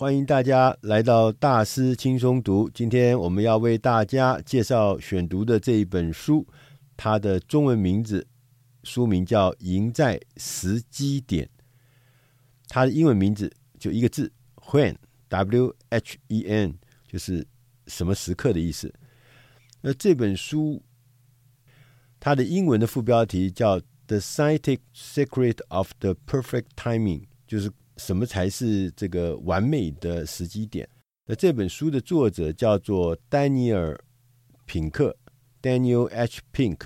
歡迎大家來到大師輕鬆讀。今天我們要為大家介紹選讀的這一本書，它的中文名字書名叫《贏在時機點》，它的英文名字就一個字，when，w h e n，就是什麼時刻的意思。那這本書它的英文的副標題叫《The Scientific Secret of the Perfect Timing》，就是。什麼才是這個完美的時機點？那這本書的作者叫做丹尼爾·品克 （Daniel H. Pink），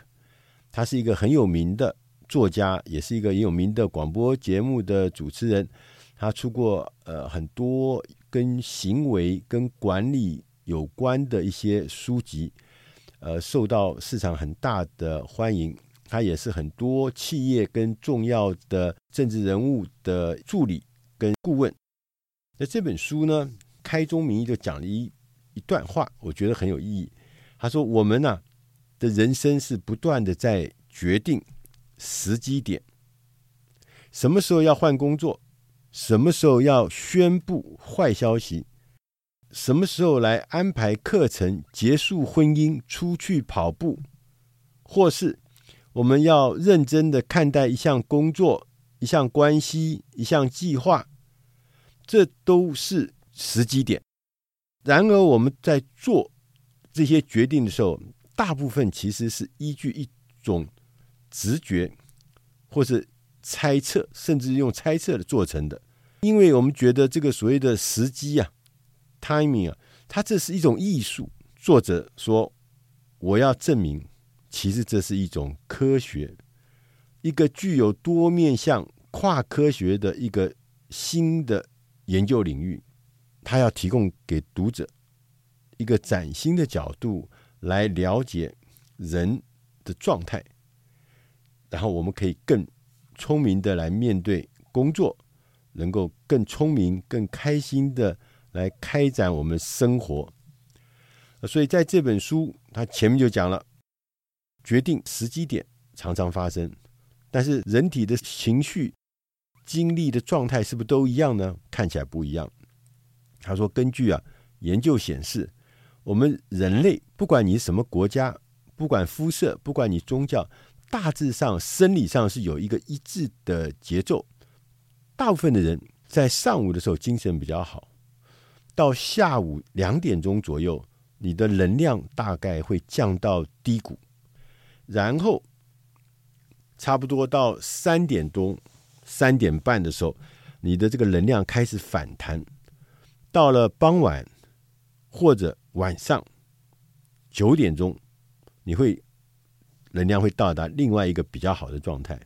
他是一個很有名的作家，也是一個很有名的廣播節目的主持人。他出過呃很多跟行為跟管理有關的一些書籍，呃，受到市場很大的歡迎。他也是很多企業跟重要的政治人物的助理。跟顧問，那這本書呢？開宗明義就講了一一段話，我覺得很有意義。他說：“我們呢、啊、的人生是不斷的在決定時機點，什麼時候要換工作，什麼時候要宣布壞消息，什麼時候來安排課程，結束婚姻，出去跑步，或是我們要認真的看待一項工作、一項關係、一項計劃。”這都是時機點。然而，我們在做這些決定的時候，大部分其實是依據一種直覺，或是猜測，甚至用猜測做成的。因為我們覺得這個所謂的時機啊、timing 啊，它這是一種藝術。作者說：“我要證明，其實這是一種科學，一個具有多面向、跨科學的一個新的。”研究領域，他要提供給讀者一個嶄新的角度來了解人的狀態，然後我們可以更聰明的來面對工作，能夠更聰明、更開心的來開展我們生活。所以在這本書，他前面就講了，決定時機點常常發生，但是人體的情緒。精力的狀態是不是都一樣呢？看起來不一樣。他說：“根據啊研究顯示，我們人類不管你什麼國家，不管膚色，不管你宗教，大致上生理上是有一個一致的節奏。大部分的人在上午的時候精神比較好，到下午兩點鐘左右，你的能量大概會降到低谷，然後差不多到三點鐘。三點半的時候，你的這個能量開始反彈，到了傍晚或者晚上九點鐘，你會能量會到達另外一個比較好的狀態。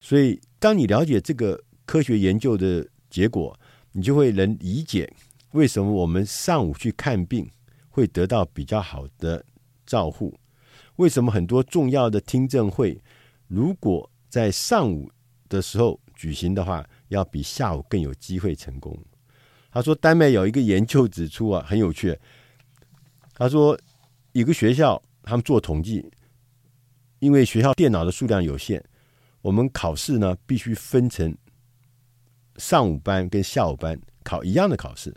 所以，當你了解這個科學研究的結果，你就會能理解為什麼我們上午去看病會得到比較好的照護，為什麼很多重要的聽證會如果在上午，的時候舉行的話，要比下午更有機會成功。他說，丹麥有一個研究指出啊，很有趣。他說，一個學校他們做統計，因為學校電腦的數量有限，我們考試呢必須分成上午班跟下午班考一樣的考試。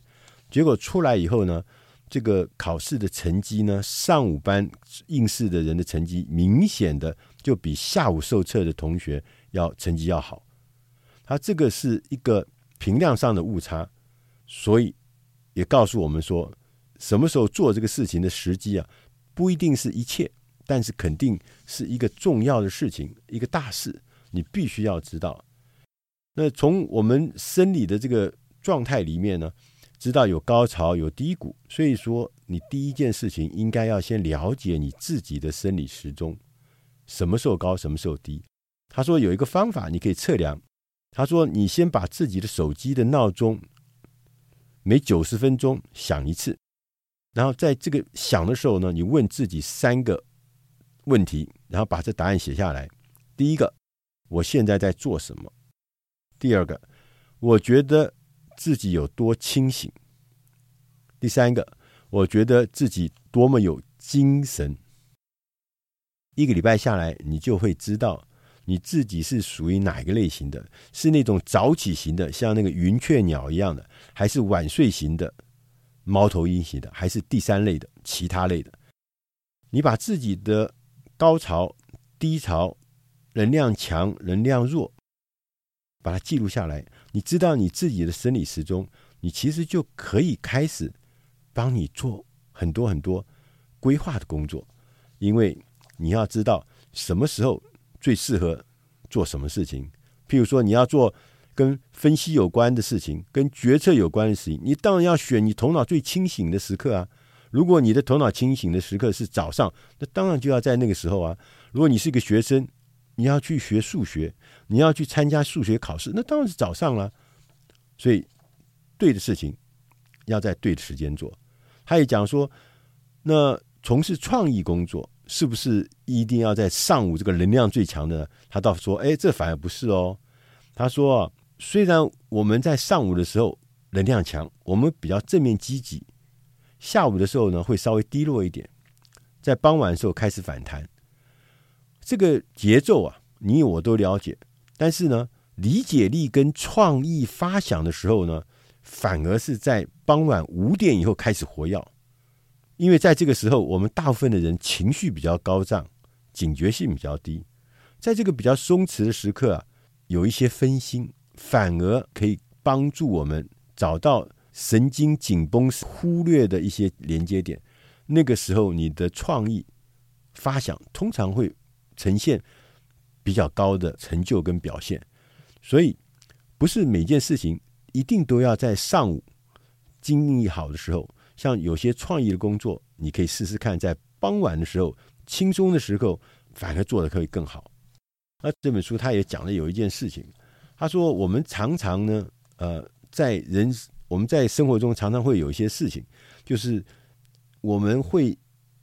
結果出來以後呢，這個考試的成績呢，上午班應試的人的成績明顯的就比下午受測的同學，要成績要好，它這個是一個評量上的誤差，所以也告訴我們說，什麼時候做這個事情的時機啊，不一定是一切，但是肯定是一個重要的事情，一個大事，你必須要知道。那從我們生理的這個狀態裡面呢，知道有高潮有低谷，所以說你第一件事情應該要先了解你自己的生理時鐘，什麼時候高，什麼時候低。他說有一個方法，你可以測量。他說，你先把自己的手機的鬧鐘每九十分鐘響一次，然後在這個響的時候呢，你問自己三個問題，然後把這答案寫下來。第一個，我現在在做什麼？第二個，我覺得自己有多清醒？第三個，我覺得自己多麼有精神？一個禮拜下來，你就會知道。你自己是屬於哪個類型的？是那種早起型的，像那個雲雀鳥一樣的，還是晚睡型的，貓頭鷹型的，還是第三類的其他類的？你把自己的高潮、低潮、能量強、能量弱，把它記錄下來。你知道你自己的生理時鐘，你其實就可以開始幫你做很多很多規劃的工作，因為你要知道什麼時候，最適合做什麼事情？譬如說，你要做跟分析有關的事情，跟決策有關的事情，你當然要選你頭腦最清醒的時刻啊。如果你的頭腦清醒的時刻是早上，那當然就要在那個時候啊。如果你是一個學生，你要去學數學，你要去參加數學考試，那當然是早上了啊。所以，對的事情要在對的時間做。還有講說，那從事創意工作。是不是一定要在上午這個能量最強的？他倒說：“哎，這反而不是哦。”他說：“啊，雖然我們在上午的時候能量強，我們比較正面積極，下午的時候呢會稍微低落一點，在傍晚的時候開始反彈。這個節奏啊，你我都了解。但是呢，理解力跟創意發想的時候呢，反而是在傍晚五點以後開始活躍。”因為在這個時候，我們大部分的人情緒比較高漲，警覺性比較低，在這個比較鬆弛的時刻啊，有一些分心，反而可以幫助我們找到神經緊繃忽略的一些連接點。那個時候，你的創意發想通常會呈現比較高的成就跟表現。所以，不是每件事情一定都要在上午精力好的時候。像有些創意的工作，你可以試試看，在傍晚的時候，輕鬆的時候，反而做的可能會更好。那這本書他也講了有一件事情，他說我們常常呢，呃，在人我們在生活中常常會有一些事情，就是我們會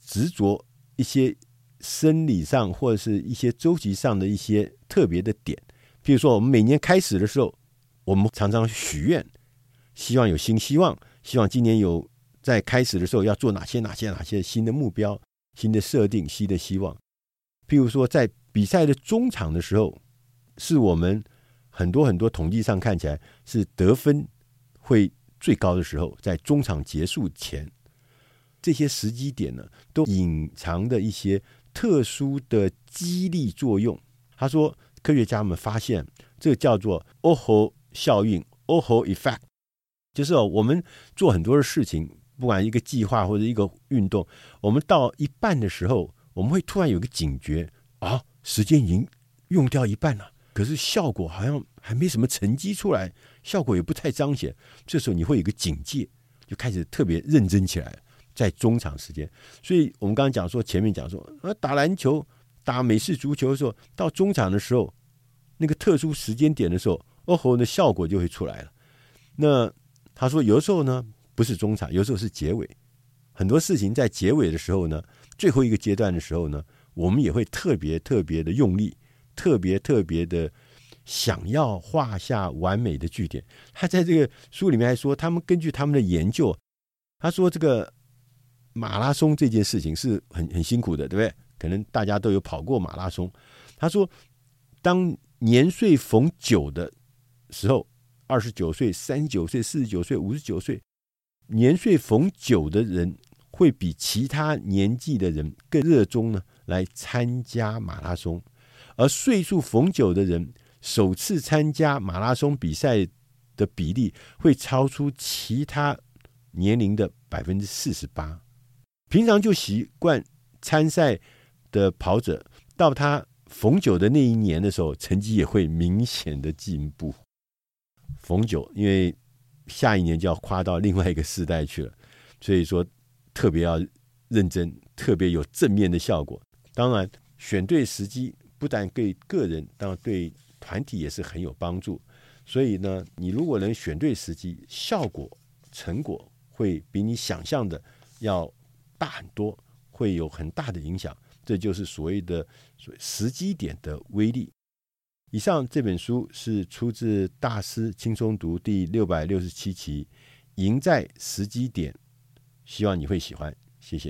執着一些生理上或者是一些週期上的一些特別的點，比如說我們每年開始的時候，我們常常許願，希望有新希望，希望今年有。在開始的時候要做哪些、哪些、哪些新的目標、新的設定、新的希望？譬如說，在比賽的中場的時候，是我們很多很多統計上看起來是得分會最高的時候，在中場結束前，這些時機點呢，都隱藏的一些特殊的激勵作用。他說，科學家們發現，這個叫做“歐豪效應 ”（Oho Effect），就是我們做很多的事情。不管一個計劃或者一個運動，我們到一半的時候，我們會突然有個警覺啊，時間已經用掉一半了，可是效果好像還沒什麼成績出來，效果也不太彰顯。這時候你會有個警戒，就開始特別認真起來，在中場時間。所以我們剛剛講說，前面講說，啊，打籃球、打美式足球的時候，到中場的時候，那個特殊時間點的時候，哦吼，那效果就會出來了。那他說，有的時候呢。不是中場，有時候是結尾。很多事情在結尾的時候呢，最後一個階段的時候呢，我們也會特別特別的用力，特別特別的想要畫下完美的句點。他在這個書裡面還說，他們根據他們的研究，他說這個馬拉松這件事情是很很辛苦的，對不對？可能大家都有跑過馬拉松。他說，當年歲逢九的時候，二十九歲、三十九歲、四十九歲、五十九歲。年歲逢九的人會比其他年紀的人更熱衷呢來參加馬拉松，而歲數逢九的人首次參加馬拉松比賽的比例會超出其他年齡的百分之四十八。平常就習慣參賽的跑者，到他逢九的那一年的時候，成績也會明顯的進步。逢九，因為。下一年就要跨到另外一個時代去了，所以說特別要認真，特別有正面的效果。當然，選對時機，不但對個人，當然對團體也是很有幫助。所以呢，你如果能選對時機，效果成果會比你想象的要大很多，會有很大的影響。這就是所謂的時機點的威力。以上這本書是出自大師輕鬆讀第六百六十七期，《贏在時機點》，希望你會喜歡。